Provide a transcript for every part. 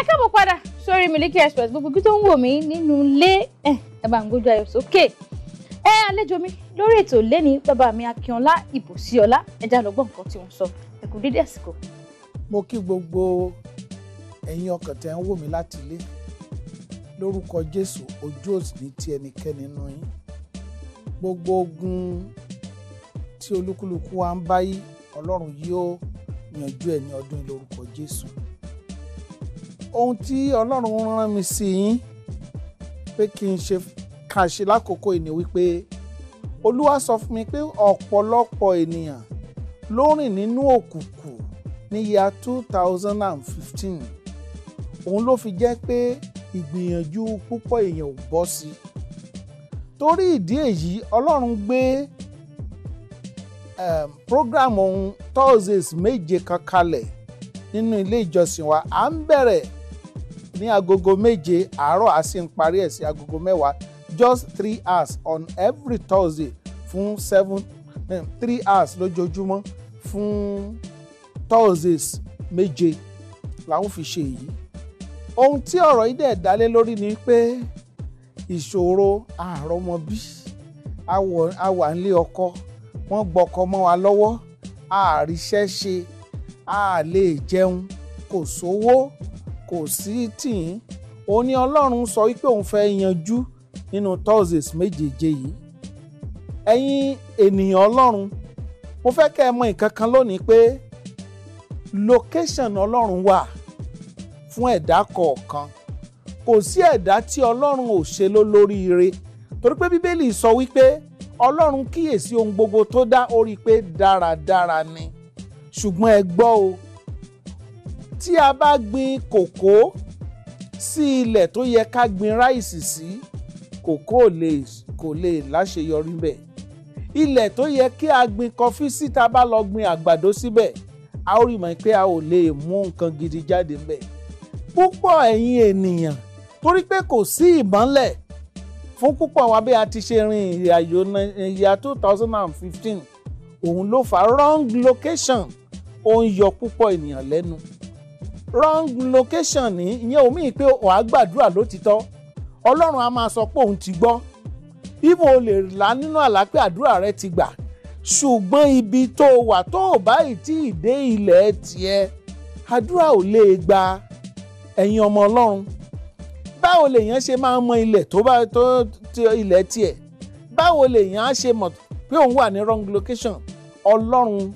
ẹ káàbọ̀ padà sórí Miliki Express gbogbo ibi tó ń wò mí nínú ilé ẹ bá ń gbójú ayọ̀ sókè ẹ àlejò mi lórí ètò lẹ́ni bàbá mi Akínọlá Ìbòsíọlá ẹja lọ gbọ́ nǹkan tí wọ́n sọ ẹ kú dídí àsìkò. mo kí gbogbo ẹ̀yin ọkàn tẹ́ ń wò mí láti ilé lórúkọ Jésù ojú òsì ní ti ẹnikẹ́ni nínú yín gbogbo ogun tí olúkúlùkù wa ń báyìí Ọlọ́run yóò yanjú ẹ̀ ní ọdún yìí lórúkọ Jésù ohun tí ọlọ́run rán mi sí yín pé kí n ṣe kà ṣe lákòókò ìní wípé olúwa sọ fún mi pé ọ̀pọ̀lọpọ̀ ènìyàn ló rìn nínú òkùnkùn ní yíya two thousand and fifteen òun ló fi jẹ́ pé ìgbìyànjú púpọ̀ èèyàn ò bọ́ sí torí ìdí èyí ọlọ́run gbé um, program ohun Thursdays méje kan kalẹ̀ nínú ilé ìjọsìn wa à ń bẹ̀rẹ̀ ní agogo méje àárọ̀ a sì ń parí ẹ̀ sí agogo mẹ́wàá just three hours on every Thursday fún seven eh, three hours lójoojúmọ́ fún Thursdays méje làwọn fi ṣe èyí ohun tí ọ̀rọ̀ yìí dẹ̀ dálé lórí ni pé ìṣòro àrọ́mọbí a wà nílé ọkọ wọ́n gbọ́kọ mọ́ wa lọ́wọ́ àríṣẹ́ ṣe a lè jẹun kò sówó kò sí tìyín òun ni ọlọ́run sọ wípé òun fẹ́ yanjú nínú thursdays méjèèje yìí ẹ̀yin ènìyàn ọlọ́run mo fẹ́ kẹ́ ẹ mọ nǹkan kan lónìí pé location ọlọ́run wà fún ẹ̀dá kọ̀ọ̀kan kò sí ẹ̀dá tí ọlọ́run ò ṣe ló lóríire torí pé bíbélì sọ wípé ọlọ́run kíyèsí ohun gbogbo tó dá ó rí i pé dáradára ni ṣùgbọ́n ẹ gbọ́ o tí a bá gbin kòkó sí ilẹ̀ tó yẹ ká gbin ráìsì sí kòkó kò lè láṣeyọrí bẹ́ẹ̀ ilẹ̀ tó yẹ kí a gbin kọfí sí tá bá lọ gbin àgbàdo síbẹ̀ a ó rí mọ̀ pé a ò lè mú nǹkan gidi jáde ńbẹ̀ púpọ̀ ẹ̀yin ènìyàn torí pé kò sí ìmọ́lẹ̀ fún púpọ̀ wa bí a ti ṣe rin ìyá two thousand and fifteen òun ló fà wrong location ó ń yọ púpọ̀ ènìyàn lẹ́nu wrong location ni ìyẹn omi pé wàá gbàdúrà lótìtọ́ ọlọ́run á máa sọ pé òun ti gbọ́ ibo lè là nínú àlá pé àdúrà rẹ ti gbà ṣùgbọ́n ibi tó wà tó ò báyìí tí ìdé ilẹ̀ tiẹ̀ àdúrà ò lè gba ẹ̀yin ọmọ ọlọ́run báwo lèèyàn ṣe máa mọ ilẹ̀ tó bá tó ilẹ̀ tiẹ̀ báwo lèèyàn á ṣe mọ̀ pé òun wà ní wrong location ọlọ́run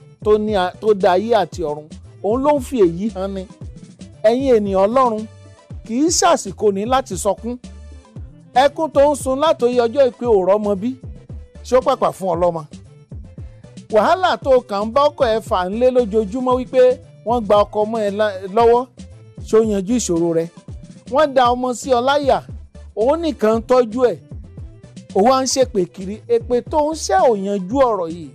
tó dá ayé àti ọ̀run òun ló ń fi èyí hàn ni ẹ̀yin ènìyàn ọlọ́run kì í ṣàsìkò ní láti sọkún ẹkún tó ń sun látòyí ọjọ́ ìpè òòrọ̀ ọmọ bí ṣó pàpà fún ọlọ́mọ wàhálà tó kàn ń bá ọkọ ẹ fà ń lé lójoojúmọ́ wípé wọ́n gba ọkọ ọmọ ẹ lọ́wọ́ ṣó yanjú ìṣòro rẹ wọ́n da ọmọ sí ọ láyà òun nìkan tọ́jú ẹ̀ òun á ń ṣèpè kiri èpè tó ń ṣe òyanjú ọ̀rọ̀ yìí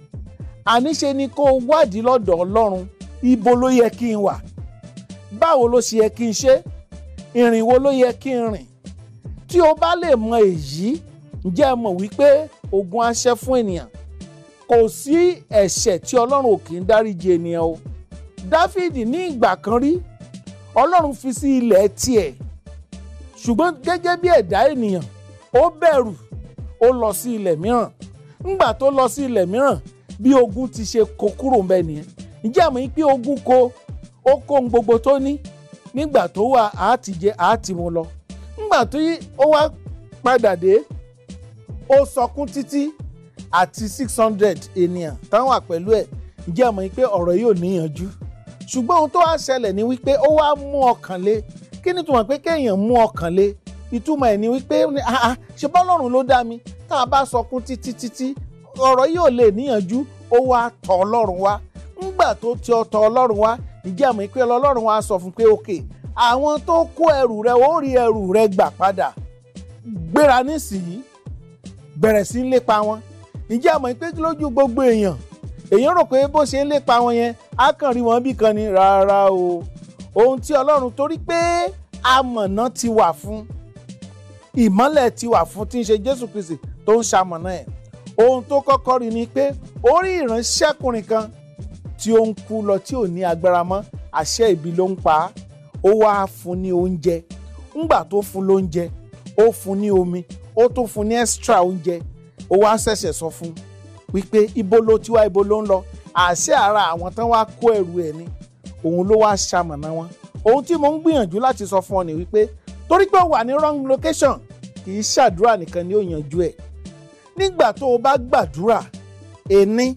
àníṣe ni kó wádìí lọ́dọ̀ ọlọ́run ibo ló yẹ kí n wà báwo ló ṣe yẹ kí n ṣe ìrìn wo ló yẹ kí n rìn tí o bá lè mọ èyí ǹjẹ́ ẹ mọ̀ wípé ogun aṣẹ́ fún ènìyàn kò sí ẹ̀ṣẹ̀ tí ọlọ́run ò kì í dáríjì ènìyàn o dáfídì ní ìgbà kan rí ọlọ́run fi sí ilẹ̀ tiẹ̀ ṣùgbọ́n gẹ́gẹ́ bí ẹ̀dá ènìyàn ó bẹ̀rù ó lọ sí ilẹ̀ mìíràn ńgbà tó lọ sí ilẹ̀ mìíràn bí ogun ti ṣe kó kúrò ńbẹ̀ nìyẹn ǹjẹ́ àmọ́ pé ogun ko ó kó ohun gbogbo tó ní nígbà tó wà á ti jẹ á ti mu lọ nígbà tó ó wá padà dé ó sọkún títí àti six hundred ènìyàn táwọn àpẹ̀lú ẹ̀ jẹ́ àmọ́ pé ọ̀rọ̀ yóò níyànjú ṣùgbọ́n ohun tó wá ṣẹlẹ̀ ni wípé ó wá mú ọkàn le kí ni ìtumọ̀ pé kéèyàn mú ọkàn le ìtumọ̀ ẹ̀ ni wípé ah, ah, ṣe bọ́lọ́run ló dá mi tá a bá sọkún títí títí ọ̀rọ̀ yóò lè níyànjú ó wá tọ̀ ọlọ́run wá ńgbà tó ti ọ̀tọ̀ ọlọ́run wá ǹjẹ́ àmọ́ pé ọlọ́run wa sọ fún pé òkè àwọn tó kó ẹrù rẹ ó rí ẹrù rẹ gbà padà gbéra nísìnyí bẹ̀rẹ̀ sí lépa wọn ǹjẹ́ àmọ́ pé lójú gbogbo èèyàn èèyàn rò pé bó ṣe lépa wọn yẹn á kàn rí wọn bí kan ni rárá o ohun tí ọlọ́run torí pé amọ̀nà ti wà fún ìmọ́lẹ̀ ti wà fún tí ń ṣe Jésù Kristi tó ń ṣamọ̀nà ẹ̀ ohun tó kọ́kọ́ rí ni pé ó ìránṣẹ́kùnrin kan tí ó ń kú lọ tí ò ní agbára mọ́ àṣẹ ibi ló ń pa á ó wáá fún ní oúnjẹ ńgbà tó fún lóúnjẹ ó fún ní omi ó tún fún ní extra oúnjẹ ó wáá ṣẹ̀ṣẹ̀ sọ fún wípé ibo ló ti wá ibo ló ń lọ àṣẹ ara àwọn tán wá kó ẹrù ẹ̀ ni òun ló wáá ṣamọ̀nà wọn ohun tí mo ń gbìyànjú láti sọ fún ọ ni wípé torí pé wà ní wrong location kì í ṣàdúrà nìkan ni ó yanjú ẹ̀ nígbà tó o bá gbàdúrà ẹni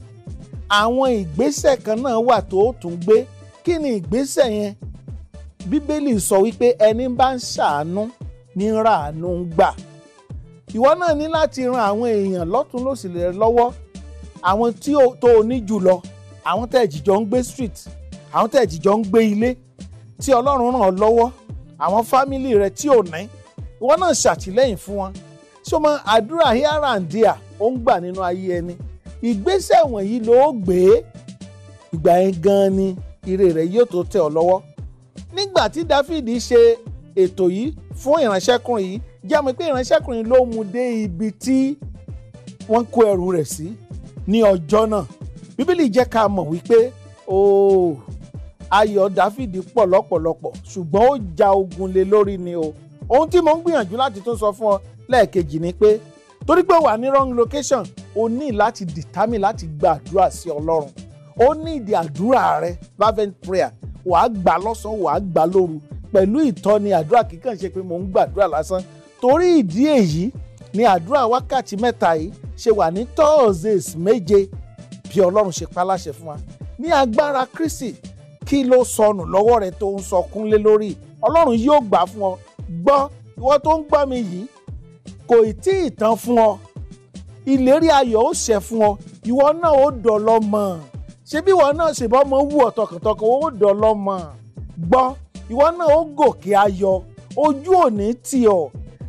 àwọn ìgbésẹ̀ kan náà wà tó tún gbé kí ni ìgbésẹ̀ yẹn bíbélì sọ wípé ẹni bá ń ṣàánú ní ràánú ń gbà ìwọ náà ní láti ran àwọn èèyàn lọ́tún lósì lè lọ́wọ́ àwọn tí tó o ní jùlọ àwọn tẹ́ ẹ̀jìjọ ń gbé street àwọn tẹ́ ẹ̀jìjọ ń gbé ilé tí ọlọ́run ràn ọ́ lọ́wọ́ àwọn fámìlì rẹ tí ò ní ìwọ náà ṣàtìlẹ́yìn fún wọn ṣé o mọ àdúrà here and there ó ń gbà nínú ayé ẹni ìgbésẹ̀ wọ̀nyí ló gbé ìgbà yẹn gan ni ire rẹ̀ yóò tó tẹ̀ ọ́ lọ́wọ́ nígbà tí Dáfídì ṣe ètò yìí fún ìránṣẹ́kùnrin yìí jẹ́ mi pé ìránṣẹ́kùnrin ló mú dé ibi tí wọ́n kó ẹrù rẹ̀ sí ní ọjọ́ náà bíbélì jẹ́ ká mọ̀ wípé ooo ayọ̀ Dáfídì pọ̀ lọ́pọ̀lọpọ̀ ṣùgbọ́n ó ja ogun lé lórí ni o ohun tí mo ń gbìyànjú láti tún sọ fún ọ lẹ́ẹ̀kejì ni pé torí pé wà ní wrong location o ní láti determine láti gba àdúrà sí ọlọ́run ó ní ìdí àdúrà rẹ fervent prayer wàá gbà lọ́sàn-án wàá gbà lóru pẹ̀lú ìtọ́ni àdúrà kíkàn ṣe pé mò ń gbàdúrà lásán torí ìdí èyí ni àdúrà wákàtí mẹ́ta yìí ṣe wà ní thursdays méje bí ọlọ́run ṣe paláṣẹ fún wa ní agbára kristi kí ló sọnù lọ́wọ́ rẹ tó ń sọkún lé lórí ọlọ́run yóò gbà fún ọ gbọ́ ìwọ tó ń gbọ́ mi yìí kò ì tí ì tán fún ọ ìlérí ayọ̀ ó ṣẹ fún ọ ìwọ náà ó dọ̀lọ́ mọ̀ ṣebí ìwọ náà ṣèbọ́ mọ wù ọ tọkàntọkàn ó dọ̀lọ́ mọ̀ gbọ́ ìwọ náà ó gòkè ayọ̀ ojú òní tì ọ́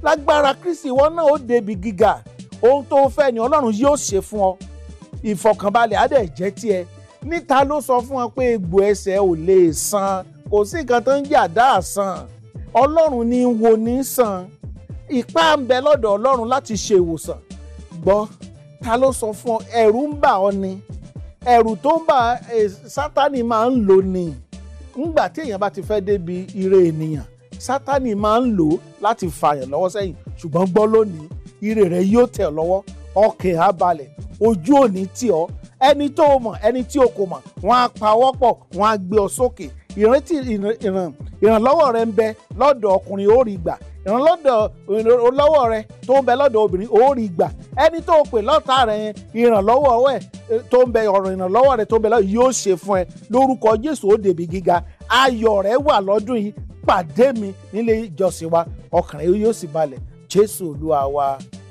lágbára Kristi ìwọ náà ó débi gíga ohun tó fẹ́ ni Ọlọ́run yóò ṣe fún ọ ìfọ̀kànbalẹ̀ á dẹ̀ jẹ́ tiẹ̀ níta ló sọ fún ọ pé egbò ẹsẹ̀ ò lè san kò sí nǹkan tó ń jà dá àsan Ọlọ́run ni wo ní sàn ipá ń bẹ lọ́dọ̀ Ọlọ́run láti ṣe ìwòsàn gbọ́ ta ló sọ fún ọ ẹ̀rù ń bà ọ ni ẹ̀rù tó ń bà sátani máa ń lò ni ńgbà tí èèyàn bá ti fẹ́ débi ire ènìyàn sátani máa ń lò láti fààyàn lọ́wọ́ sẹ́yìn ṣùgbọ́n gbọ́ lónìí ire rẹ yóò tẹ̀ lọ́wọ́ ọkàn á balẹ̀ ojú òní tì ọ́ ẹni tó o mọ̀ ẹni tí o kò mọ̀ wọ́n á pawọ́ pọ̀ wọ́n á gbé ọ sókè ìrántí ìrànlọ́wọ́ rẹ ń bẹ lọ́dọ̀ ọkùnrin ó rí gbà ìrànlọ́dọ̀ ìrànlọ́wọ́ rẹ tó ń bẹ lọ́dọ̀ obìnrin ó rí gbà ẹni tó o pè lọ́tà rẹ yẹn ìrànlọ́wọ́ ẹ eh, tó ń bẹ ọ̀rọ̀ ìrànlọ́wọ́ rẹ tó ń bẹ lọ́dọ̀ yóò ṣe fún ẹ lórúkọ Jésù ó dèbí gíga ayọ̀ rẹ wà lọ́dún yìí pàdé mi nílé ìjọsìn wa ọkàn rẹ yóò sì balẹ̀ Jésù Olúwa wa.